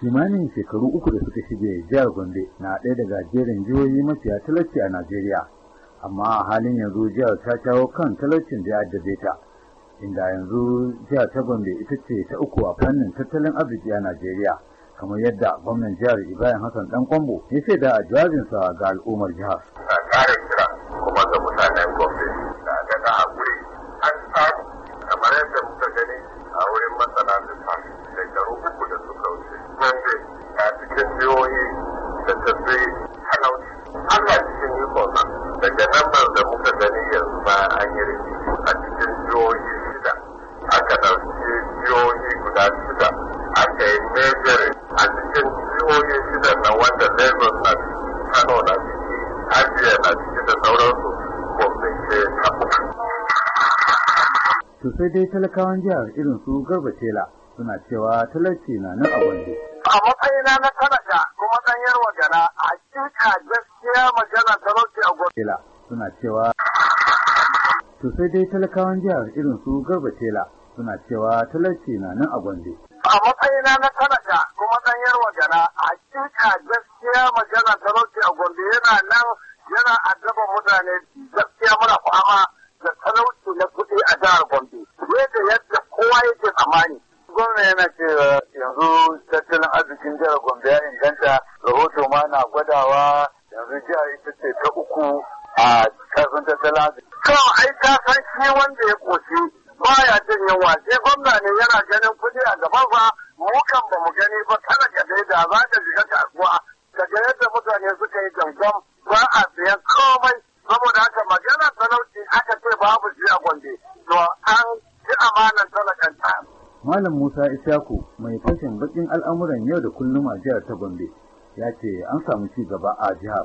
kimanin shekaru uku da suka shige jihar gombe na ɗaya daga jerin jihohi mafiya talauci a najeriya amma a halin yanzu jihar ta kawo kan talaucin da ya addabe ta inda yanzu jihar ta gombe ita ce ta uku a fannin tattalin arziki a najeriya kamar yadda gwamnan jihar ibrahim hassan dan kwambo ya shaida a jawabinsa ga al'ummar jihar daga nan da muka gani yanzu ba an yi rikici a cikin jihohi shida aka ɗauki jihohi guda shida aka yi mejere a cikin jihohi shida na wanda lagos na kano na ciki ajiya na ciki da sauransu ko ta uku. Sosai sai dai talakawan jihar irin su garba tela suna cewa talarci na nan a wanda. a matsayina na kanaka kuma ɗanyar wagana a cika gaskiya magana ta tela suna cewa to sai dai talakawan jihar irin su garba tela suna cewa talarci na nan a gombe a matsayina na talaka kuma dan yarwa gana hakika gaskiya magana talauci a gombe yana nan yana addaba mutane gaskiya muna fama da talauci na kuɗi a jihar gombe da yadda kowa yake tsammani gwamna yana ce yanzu tattalin arzikin jihar gombe ya inganta a karfin tattalin arziki. Kawai ai ka san shi wanda ya koshi baya jin yunwa sai gwamna ne yana ganin kuɗi a gaban fa mu kan ba mu gani ba kana ka dai da za ta shiga kasuwa daga yadda mutane suka yi gangan ba a siyan komai saboda haka magana talauci aka ce babu shi a gombe to an ci talakan ta. Malam Musa Ishaku mai fashin bakin al'amuran yau da kullum a jihar ta Gombe ya ce an samu ci gaba a jihar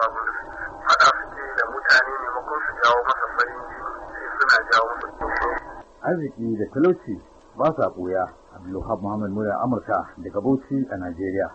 ba gudu suke da mutane ne su jawo masa farin jini suna jawo masa arziki da talauci ba sa ɓoya abdulhab muhammad murya amurka daga bauchi a najeriya